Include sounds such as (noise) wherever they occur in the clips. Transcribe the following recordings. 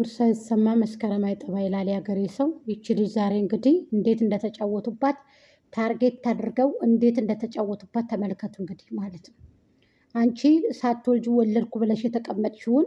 ጉርሳ ይሰማ መስከረም አይጠባ ይላል ያገሬ ሰው። ይቺ ልጅ ዛሬ እንግዲህ እንዴት እንደተጫወቱባት ታርጌት አድርገው እንዴት እንደተጫወቱባት ተመልከቱ። እንግዲህ ማለት ነው አንቺ ሳትወልጅ ወለድኩ ብለሽ የተቀመጥሽውን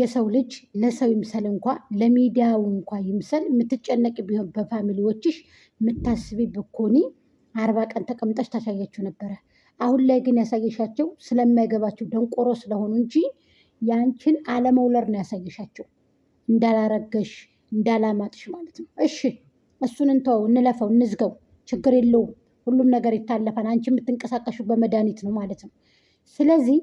የሰው ልጅ ለሰው ይምሰል እንኳ ለሚዲያው እንኳ ይምሰል የምትጨነቅ ቢሆን በፋሚሊዎችሽ የምታስቢ ብኮኒ አርባ ቀን ተቀምጠሽ ታሳያችሁ ነበረ። አሁን ላይ ግን ያሳየሻቸው ስለማይገባቸው ደንቆሮ ስለሆኑ እንጂ ያንቺን አለመውለድ ነው ያሳየሻቸው። እንዳላረገሽ እንዳላማጥሽ ማለት ነው። እሺ እሱን እንተወው፣ እንለፈው፣ እንዝገው፣ ችግር የለውም። ሁሉም ነገር ይታለፋል። አንቺ የምትንቀሳቀሽው በመድኃኒት ነው ማለት ነው። ስለዚህ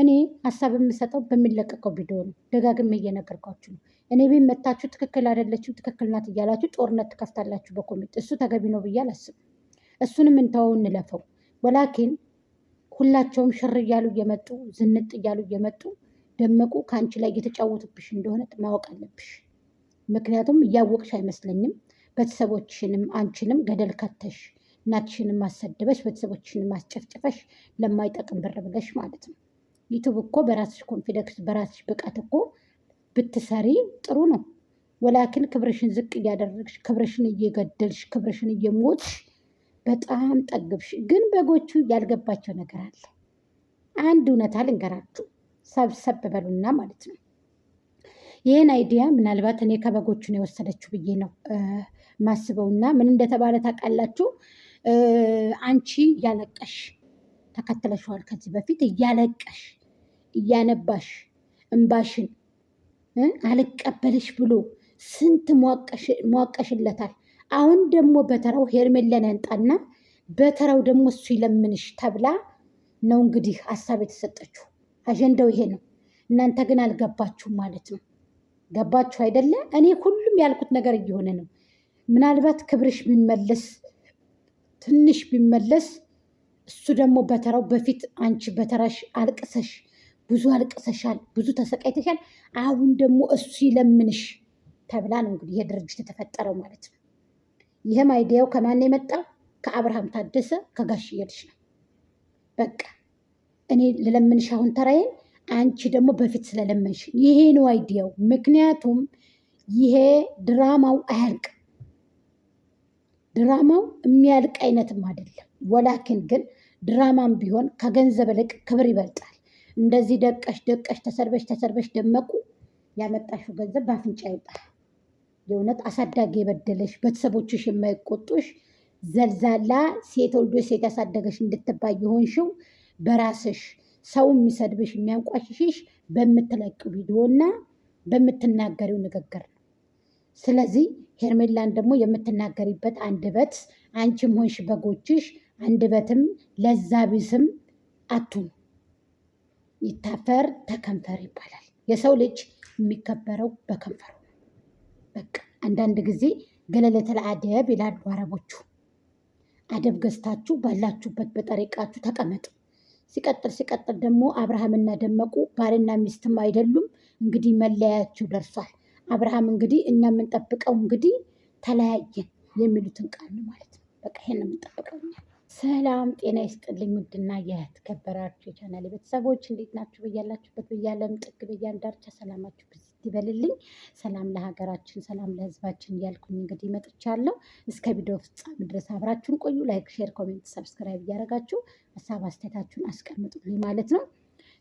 እኔ ሀሳብ የምሰጠው በሚለቀቀው ቪዲዮ ነው። ደጋግሜ እየነገርኳችሁ ነው። እኔ ቤት መታችሁ ትክክል አይደለችም ትክክል ናት እያላችሁ ጦርነት ትከፍታላችሁ በኮሜንት። እሱ ተገቢ ነው ብዬ አላስብም። እሱንም እንተወው እንለፈው። ወላኪን ሁላቸውም ሽር እያሉ እየመጡ ዝንጥ እያሉ እየመጡ ደመቁ ከአንቺ ላይ እየተጫወቱብሽ እንደሆነ ማወቅ አለብሽ። ምክንያቱም እያወቅሽ አይመስለኝም። ቤተሰቦችንም አንቺንም ገደል ከተሽ እናትሽንም ማሰደበሽ ቤተሰቦችንም አስጨፍጨፈሽ ለማይጠቅም ብር ብለሽ ማለት ነው። ዩቱብ እኮ በራስሽ ኮንፊደንስ በራስሽ ብቃት እኮ ብትሰሪ ጥሩ ነው። ወላኪን ክብርሽን ዝቅ እያደረግሽ ክብርሽን እየገደልሽ ክብርሽን እየሞትሽ በጣም ጠግብሽ። ግን በጎቹ ያልገባቸው ነገር አለ። አንድ እውነት አልንገራችሁ። ሰብሰብ በሉና ማለት ነው። ይህን አይዲያ ምናልባት እኔ ከበጎቹን የወሰደችው ብዬ ነው ማስበውና ምን እንደተባለ ታውቃላችሁ? አንቺ እያለቀሽ ተከትለሽዋል። ከዚህ በፊት እያለቀሽ እያነባሽ እምባሽን አልቀበልሽ ብሎ ስንት ሟቀሽለታል። አሁን ደግሞ በተራው ሄርሜላን ያንጣና በተራው ደግሞ እሱ ይለምንሽ ተብላ ነው እንግዲህ ሀሳብ የተሰጠችው። አጀንዳው ይሄ ነው። እናንተ ግን አልገባችሁም ማለት ነው። ገባችሁ አይደለ? እኔ ሁሉም ያልኩት ነገር እየሆነ ነው። ምናልባት ክብርሽ ቢመለስ ትንሽ ቢመለስ፣ እሱ ደግሞ በተራው በፊት አንቺ በተራሽ አልቅሰሽ ብዙ አልቅሰሻል፣ ብዙ ተሰቃይተሻል። አሁን ደግሞ እሱ ይለምንሽ ተብላ ነው እንግዲህ ይሄ ድርጅት የተፈጠረው ማለት ነው። ይህም አይዲያው ከማን የመጣ ከአብርሃም ታደሰ ከጋሽ የልሽ ነው በቃ እኔ ልለምንሽ አሁን ተራዬን፣ አንቺ ደግሞ በፊት ስለለምንሽ። ይሄ ነው አይዲያው። ምክንያቱም ይሄ ድራማው አያልቅ ድራማው የሚያልቅ አይነትም አይደለም። ወላኪን ግን ድራማም ቢሆን ከገንዘብ ልቅ ክብር ይበልጣል። እንደዚህ ደቀሽ ደቀሽ ተሰርበሽ ተሰርበሽ ደመቁ ያመጣሽው ገንዘብ በአፍንጫ ይውጣ። የእውነት አሳዳጊ የበደለሽ ቤተሰቦችሽ የማይቆጡሽ ዘልዛላ ሴት ወልዶ ሴት ያሳደገሽ እንድትባይ የሆንሽው በራስሽ ሰው የሚሰድብሽ የሚያንቋሽሽሽ በምትለቅ ቪዲዮና በምትናገሪው ንግግር ነው። ስለዚህ ሄርሜላን ደግሞ የምትናገሪበት አንደበት አንቺም ሆንሽ በጎችሽ አንደበትም ለዛ ቢስም አቱ ይታፈር ተከንፈር ይባላል። የሰው ልጅ የሚከበረው በከንፈሩ ነው። በቃ አንዳንድ ጊዜ ገለለተል አደብ ይላሉ አረቦቹ። አደብ ገዝታችሁ ባላችሁበት በጠሪቃችሁ ተቀመጡ። ሲቀጥል ሲቀጥል ደግሞ አብርሃምና ደመቁ ባልና ሚስትም አይደሉም። እንግዲህ መለያያቸው ደርሷል። አብርሃም እንግዲህ እኛ የምንጠብቀው እንግዲህ ተለያየን የሚሉትን ቃል ማለት ነው። በቃ ይሄን የምንጠብቀው እኛ። ሰላም ጤና ይስጥልኝ ውድና የተከበራችሁ የቻናል ቤተሰቦች እንዴት ናችሁ? በያላችሁበት በያለም ጥግ በያን ዳርቻ ሰላማችሁ ይበልልኝ። ሰላም ለሀገራችን፣ ሰላም ለህዝባችን እያልኩኝ እንግዲህ መጥቻለሁ። እስከ ቪዲዮ ፍጻሜ ድረስ አብራችሁን ቆዩ። ላይክ፣ ሼር፣ ኮሜንት፣ ሰብስክራይብ እያደረጋችሁ ሀሳብ አስተያየታችሁን አስቀምጡልኝ ማለት ነው።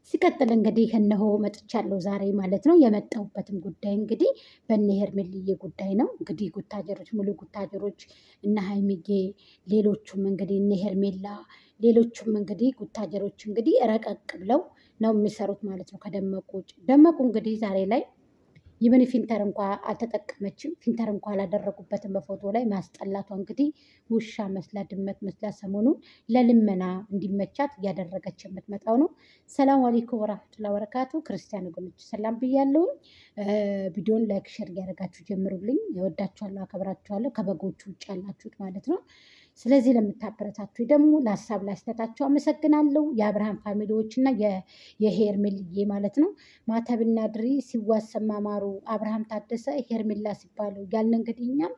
ሲቀጥል እንግዲህ እነሆ መጥቻለሁ ዛሬ ማለት ነው። የመጣሁበትም ጉዳይ እንግዲህ በእነ ሄርሜልዬ ጉዳይ ነው። እንግዲህ ጉታጀሮች ሙሉ ጉታጀሮች እነ ሀይሚጌ ሌሎቹም እንግዲህ እነ ሄርሜላ ሌሎቹም እንግዲህ ጉታጀሮች እንግዲህ ረቀቅ ብለው ነው የሚሰሩት ማለት ነው። ከደመቁ ውጭ ደመቁ እንግዲህ ዛሬ ላይ ይብን ፊልተር እንኳ አልተጠቀመችም። ፊልተር እንኳ አላደረጉበትም በፎቶ ላይ ማስጠላቷ እንግዲህ ውሻ መስላ ድመት መስላ ሰሞኑን ለልመና እንዲመቻት እያደረገች የምትመጣው ነው። ሰላም አለይኩም ወራህመቱላ ወበረካቱ። ክርስቲያን ወገኖች ሰላም ብያለሁኝ። ቪዲዮን ላይክ፣ ሸር እያደረጋችሁ ጀምሩልኝ። እወዳችኋለሁ፣ አከብራችኋለሁ። ከበጎቹ ውጭ ያላችሁት ማለት ነው። ስለዚህ ለምታበረታችሁ ደግሞ ለሀሳብ ላስተታቸው አመሰግናለሁ። የአብርሃም ፋሚሊዎች እና የሄርሜልዬ ማለት ነው ማተብና ድሪ ሲዋሰብ ማማሩ አብርሃም ታደሰ ሄርሜላ ሲባሉ ያልን እንግዲህ እኛም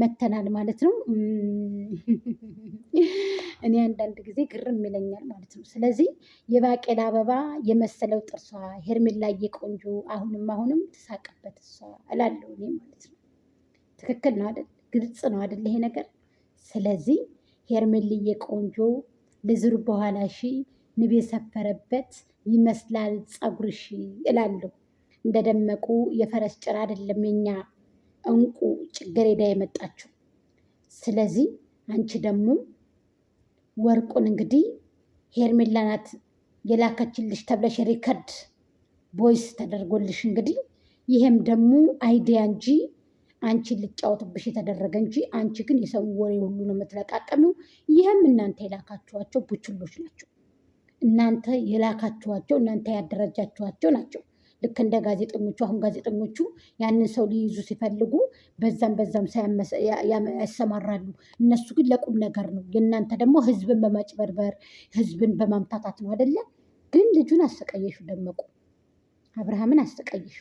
መተናል ማለት ነው። (laughs) እኔ አንዳንድ ጊዜ ግርም ይለኛል ማለት ነው። ስለዚህ የባቄላ አበባ የመሰለው ጥርሷ ሄርሜላዬ ቆንጆ፣ አሁንም አሁንም ትሳቀበት እሷ እላለሁ እኔ ማለት ነው። ትክክል ነው አይደል? ግልጽ ነው አይደል? ይሄ ነገር ስለዚህ ሄርሜልዬ ቆንጆ ልዝር በኋላ ሺ ንብ የሰፈረበት ይመስላል ፀጉርሽ እላለሁ። እንደደመቁ የፈረስ ጭራ አይደለም የኛ እንቁ ጭገሬዳ የመጣችው። ስለዚህ አንቺ ደግሞ ወርቁን እንግዲህ ሄርሜላ ናት የላከችልሽ ተብለሽ ሪከርድ ቦይስ ተደርጎልሽ እንግዲህ ይሄም ደግሞ አይዲያ እንጂ አንቺ ልጫወትብሽ የተደረገ እንጂ አንቺ ግን የሰው ወሬ ሁሉ ነው የምትለቃቀሚው። ይህም እናንተ የላካችኋቸው ቡችሎች ናቸው። እናንተ የላካችኋቸው እናንተ ያደረጃችኋቸው ናቸው። ልክ እንደ ጋዜጠኞቹ አሁን ጋዜጠኞቹ ያንን ሰው ሊይዙ ሲፈልጉ በዛም በዛም ያሰማራሉ። እነሱ ግን ለቁም ነገር ነው። የእናንተ ደግሞ ህዝብን በማጭበርበር ህዝብን በማምታታት ነው አይደለ? ግን ልጁን አሰቃየሹ፣ ደመቁ አብርሃምን አሰቃየሹ።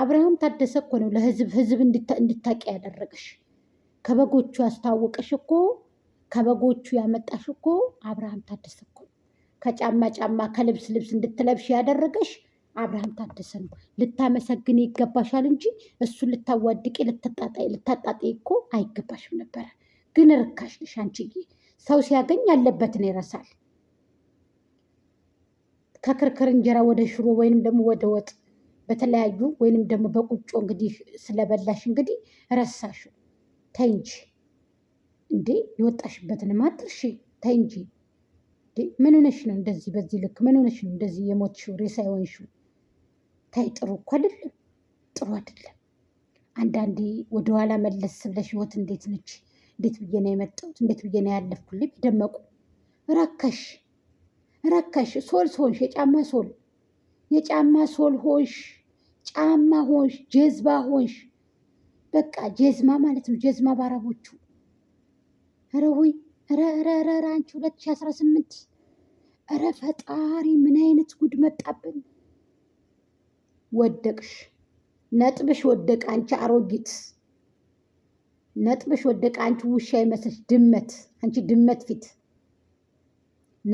አብርሃም ታደሰ እኮ ነው ለህዝብ ህዝብ እንድታቂ ያደረገሽ። ከበጎቹ ያስታወቀሽ እኮ ከበጎቹ ያመጣሽ እኮ አብርሃም ታደሰ እኮ ነው። ከጫማ ጫማ ከልብስ ልብስ እንድትለብሽ ያደረገሽ አብርሃም ታደሰ ነው። ልታመሰግን ይገባሻል እንጂ እሱን ልታዋድቂ ልታጣጣ እኮ አይገባሽም ነበረ። ግን ርካሽ ነሽ አንቺዬ። ሰው ሲያገኝ ያለበትን ይረሳል። ከክርክር እንጀራ ወደ ሽሮ ወይንም ደግሞ ወደ ወጥ በተለያዩ ወይንም ደግሞ በቁጮ እንግዲህ ስለበላሽ እንግዲህ ረሳሽው። ተይ እንጂ እንዴ የወጣሽበትን ማትርሺ። ተይ እንጂ ምን ሆነሽ ነው እንደዚህ በዚህ ልክ ምን ሆነሽ ነው እንደዚህ የሞትሽው ሬሳ የሆንሽው? ታይ ጥሩ እኮ አይደለም፣ ጥሩ አይደለም። አንዳንዴ ወደኋላ መለስ ብለሽ ህይወት እንዴት ነች? እንዴት ብዬ ነው የመጣሁት? እንዴት ብዬ ነው ያለፍኩልኝ? ደመቁ ረከሽ ረከሽ ሶል ሆንሽ፣ የጫማ ሶል የጫማ ሶል ሆንሽ። ጫማ ሆንሽ፣ ጀዝባ ሆንሽ። በቃ ጀዝማ ማለት ነው። ጀዝማ ባረቦቹ ረዊ ረረረረ አንቺ ሁለት አስራ ስምንት ረ ፈጣሪ ምን አይነት ጉድ መጣብን። ወደቅሽ፣ ነጥብሽ ወደቅ። አንቺ አሮጊት ነጥብሽ ወደቀ። አንቺ ውሻ ይመስልሽ ድመት፣ አንቺ ድመት ፊት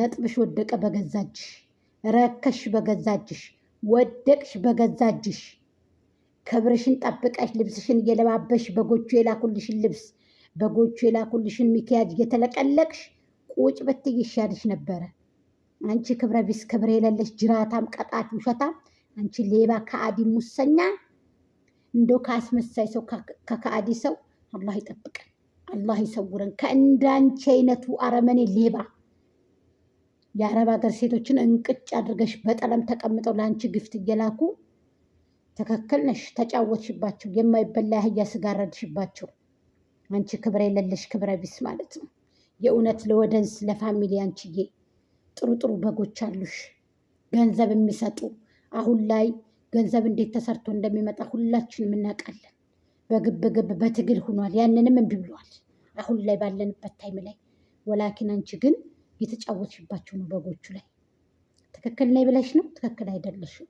ነጥብሽ ወደቀ። በገዛጅሽ ረከሽ፣ በገዛጅሽ ወደቅሽ በገዛ እጅሽ። ክብርሽን ጠብቀሽ ልብስሽን እየለባበሽ በጎቹ የላኩልሽን ልብስ በጎቹ የላኩልሽን ሚኪያጅ እየተለቀለቅሽ ቁጭ ብትይ ይሻልሽ ነበረ። አንቺ ክብረ ቢስ ክብር የሌለሽ ጅራታም፣ ቀጣት፣ ውሸታም አንቺ ሌባ፣ ከአዲ፣ ሙሰኛ እንዶ ከአስመሳይ ሰው ከከአዲ ሰው አላህ ይጠብቀን፣ አላህ ይሰውረን ከእንዳንቺ አይነቱ አረመኔ ሌባ የአረብ ሀገር ሴቶችን እንቅጭ አድርገሽ በጠለም ተቀምጠው ለአንቺ ግፍት እየላኩ ትክክል ነሽ። ተጫወትሽባቸው። የማይበላ ያህያ ስጋ ረድሽባቸው። አንቺ ክብረ የሌለሽ ክብረ ቢስ ማለት ነው። የእውነት ለወደንስ ለፋሚሊ አንቺዬ ጥሩ ጥሩ በጎች አሉሽ፣ ገንዘብ የሚሰጡ አሁን ላይ ገንዘብ እንዴት ተሰርቶ እንደሚመጣ ሁላችንም እናውቃለን። ግብ በትግል ሁኗል። ያንንም እምቢ ብሏል። አሁን ላይ ባለንበት ታይም ላይ ወላኪን አንቺ ግን የተጫወትሽባቸው ነው በጎቹ ላይ። ትክክል ነኝ ብለሽ ነው፣ ትክክል አይደለሽም።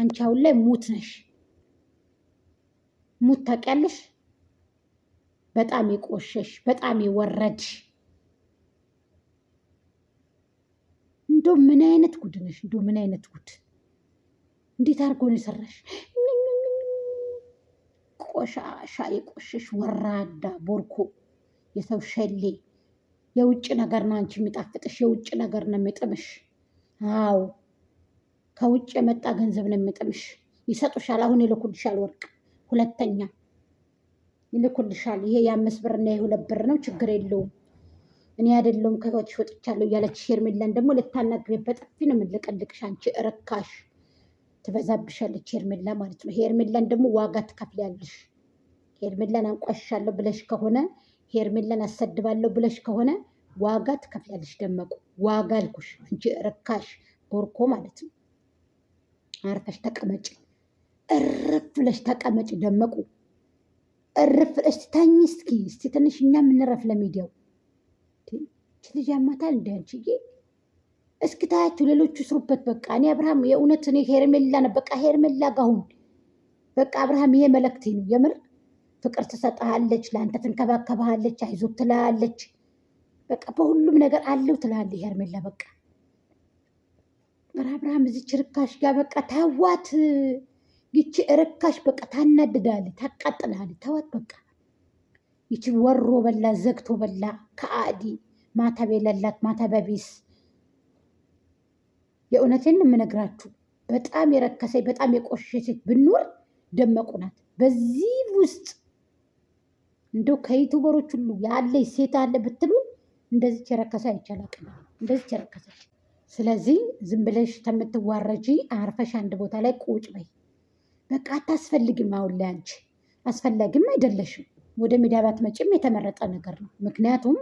አንቺ አሁን ላይ ሙት ነሽ። ሙት ታውቂያለሽ። በጣም የቆሸሽ በጣም የወረድሽ እንዶ ምን አይነት ጉድ ነሽ? እንዶ ምን አይነት ጉድ! እንዴት አድርጎ ነው የሰራሽ? ቆሻሻ፣ የቆሸሽ ወራዳ፣ ቦርኮ፣ የሰው ሸሌ የውጭ ነገር ነው አንቺ የሚጣፍጥሽ፣ የውጭ ነገር ነው የሚጥምሽ። አዎ ከውጭ የመጣ ገንዘብ ነው የሚጥምሽ። ይሰጡሻል። አሁን ይልኩልሻል፣ ወርቅ ሁለተኛ ይልኩልሻል። ይሄ የአምስት ብርና የሁለት ብር ነው፣ ችግር የለውም እኔ አይደለሁም ከህይወትሽ ወጥቻለሁ እያለች ሄርሜላን ደግሞ ልታናግሬ በጥፊ ነው የምንለቀልቅሽ። አንቺ እረካሽ ትበዛብሻለች ሄርሜላ ማለት ነው። ሄርሜላን ደግሞ ዋጋ ትከፍያለሽ። ሄርሜላን አንቋሻለሁ ብለሽ ከሆነ ሄርሜላን አሰድባለሁ ብለሽ ከሆነ ዋጋ ትከፍላለሽ። ደመቁ ዋጋ አልኩሽ፣ አንቺ ርካሽ ቦርኮ ማለት ነው። አርፈሽ ተቀመጭ፣ እርፍ ብለሽ ተቀመጭ። ደመቁ እርፍ ብለሽ ተኝ። እስኪ እስቲ ትንሽ እኛ የምንረፍ ለሚዲያው ልጅ ያማታል እንደ አንቺዬ። እስኪ ታያቸው ሌሎቹ ስሩበት። በቃ እኔ አብርሃም የእውነት እኔ ሄርሜላ ነው በቃ ሄርሜላ ጋሁን በቃ አብርሃም፣ ይሄ መልእክቴ ነው የምር ፍቅር ትሰጠሃለች፣ ለአንተ ትንከባከባሃለች፣ አይዞ ትላለች። በቃ በሁሉም ነገር አለው ትላለ ሄርሜላ። በቃ አብርሃም እዚች ርካሽ ጋር በቃ ታዋት፣ ይቺ ርካሽ በቃ ታናድዳለች፣ ታቃጥላለች። ታዋት በቃ ይቺ ወሮ በላ ዘግቶ በላ ከአዲ ማታ ቤለላት ማታ በቢስ የእውነቴን የምነግራችሁ በጣም የረከሰች በጣም የቆሸሸች ብኖር ደመቁ ናት። በዚህ ውስጥ እንደው ከዩቱበሮች ሁሉ ያለ ሴት አለ ብትሉ እንደዚች የረከሰ አይቻላቅም። እንደዚች የረከሰች። ስለዚህ ዝም ብለሽ ከምትዋረጂ አርፈሽ አንድ ቦታ ላይ ቁጭ በይ። በቃ አታስፈልግም። አሁን ላይ አንቺ አስፈላጊም አይደለሽም። ወደ ሚዲያ ባትመጪም የተመረጠ ነገር ነው። ምክንያቱም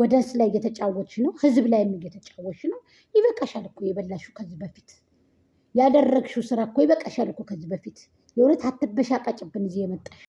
ወደንስ ላይ እየተጫወች ነው፣ ህዝብ ላይም እየተጫወች ነው። ይበቃሻል እኮ የበላሽው ከዚህ በፊት ያደረግሽው ስራ እኮ ይበቃሻል እኮ ከዚህ በፊት የእውነት አትበሻቃጭብን እዚህ የመጣሽ